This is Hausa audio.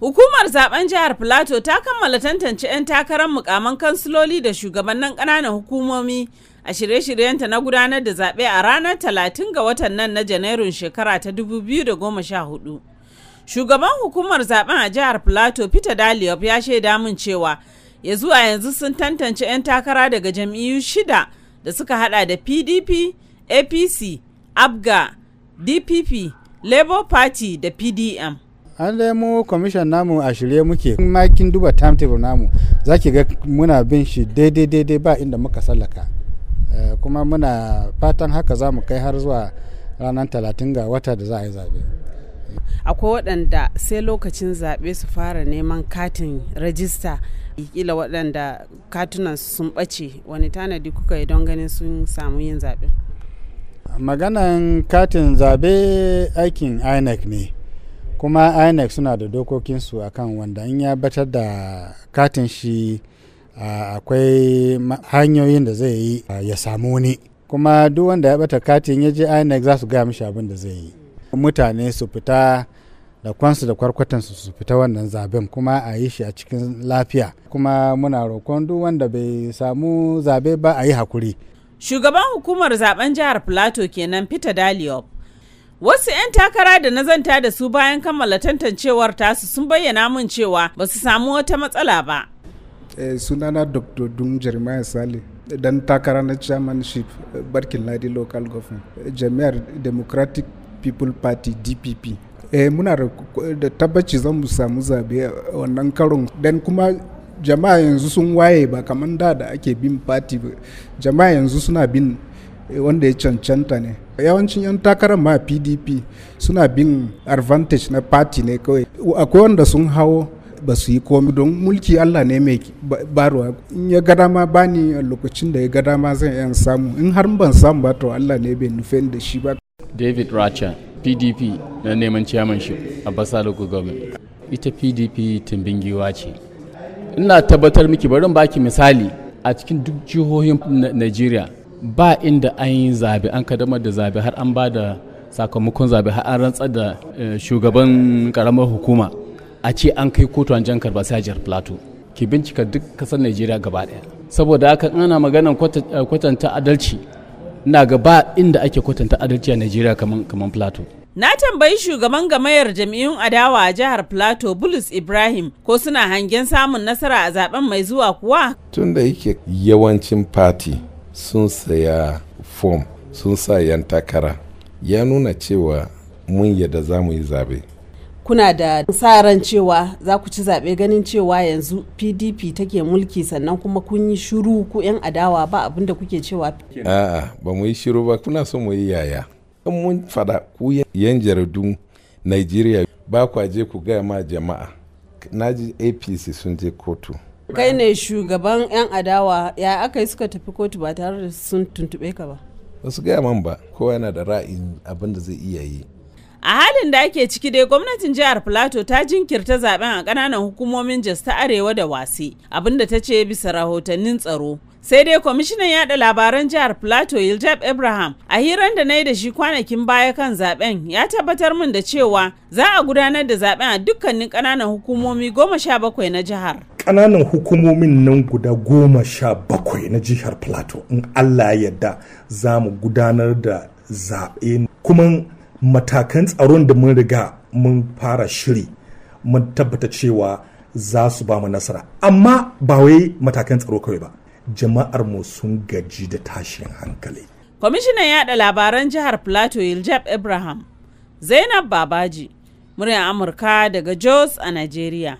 Hukumar zaben jihar Filato ta kammala tantance 'yan takarar mukaman kansiloli da shugabannin ƙananan hukumomi a shirye-shiryenta na gudanar da zaɓe a ranar 30 ga watan nan na Janairun shekara ta 2014. Shugaban hukumar zaben a jihar Filato Peter Daliop ya shaida min cewa ya zuwa yanzu sun tantance 'yan takara daga jam'iyyu shida da suka hada da PDP, APC, ABGA, DPP, Labour Party da PDM. an dai mu kwamishan namu a shirye muke makin duba timetable namu za ki ga muna bin shi daidai daidai ba inda muka sallaka eh, kuma muna fatan haka za mu kai har zuwa ranar talatin ga wata da za a yi zaɓe akwai waɗanda sai lokacin zaɓe su fara neman katin rajista kila waɗanda katunan sun ɓace wani tanadi kuka yi don ganin sun samu yin zaɓe maganan katin zaɓe aikin inec ne kuma inec suna da dokokinsu a kan wanda in ya batar da katin shi akwai hanyoyin da zai yi ya samu wani kuma duk wanda ya bata katin ya je inec za su gaya mishi abin da zai yi mutane su fita da kwansu da kwarkwatansu su fita wannan zaben kuma a yi shi a cikin lafiya kuma muna roƙon duk wanda bai samu zabe ba a yi hakuri shugaban hukumar zaben jihar plateau kenan peter daliop Wasu 'yan takara da na zanta da su bayan kammala tantancewar tasu sun bayyana mun cewa ba su samu wata matsala ba. Eh, sunana Dr. Dun Jeremiah Sale dan takara na chairmanship eh, Barkin Ladi Local Government eh, Jami'ar Democratic People Party DPP. Eh, muna da tabbaci zan mu samu zabe wannan karon dan kuma jama'a yanzu sun waye ba kamar da da ake bin party jama'a yanzu suna bin Eh, wanda ya cancanta ne yawancin 'yan takarar ma pdp suna bin advantage na party ne kawai akwai wanda sun hawo ba su yi komi don mulki allah ne mai baruwa in ya gada ma ba ni lokacin da ya gada ma zan yan samu in har ban samu ba to allah ne bai nufe da shi ba david racha pdp na neman chairmanship a basa local government ita pdp tumbin giwa ce ina tabbatar miki bari baki misali a cikin duk jihohin najeriya ba inda an yi zabe an kadamar da zabe har an ba da sakamakon zabe har an rantsar da eh, shugaban karamar hukuma a ce an kai kotu an jankar ba sai plateau ki bincika duk kasar najeriya gaba daya saboda haka ana maganan eh, kwatanta adalci na gaba inda ake kwatanta adalci a najeriya kamar plateau Na tambayi shugaban gamayar jam'iyyun adawa a jihar Plateau Bulus Ibrahim ko suna hangen samun nasara a zaben mai zuwa kuwa? Tun yake yawancin fati sun saya fom sun sa yan takara ya nuna cewa mun yadda za mu yi zabe kuna da sa ran cewa za ku ci zaɓe ganin cewa yanzu pdp take mulki sannan kuma kun yi shiru ku 'yan adawa ba abin da kuke cewa a'a ba mu yi shiru ba kuna so mu yi yaya in mun fada ku yan jaridun nigeria ba kwa je ku gaya ma jama'a na ji apc sun je kotu kai ne shugaban 'yan adawa ya aka yi suka tafi kotu ba tare da sun tuntube ka ba wasu gaya man ba kowa yana da ra'ayin abin da zai iya yi a halin da ake ciki dai gwamnatin jihar plateau ta jinkirta zaben a kananan hukumomin jos ta arewa da wasi abinda ta ce bisa rahotannin tsaro sai dai kwamishinan yada labaran jihar plateau yiljab abraham a hirar da na yi da shi kwanakin baya kan zaben ya tabbatar min da cewa za a gudanar da zaben a dukkanin kananan hukumomi goma sha bakwai na jihar kananan hukumomin nan guda goma sha bakwai na jihar plato in allah yadda za mu gudanar da zaɓe kuma matakan tsaron da mun riga mun fara shiri mun tabbata cewa za su ba mu nasara amma ba wai matakan tsaro kawai ba jama'ar mu sun gaji da tashin hankali kwamishinan yada labaran jihar plateau iljab ibrahim zainab babaji muryar amurka daga jos a nigeria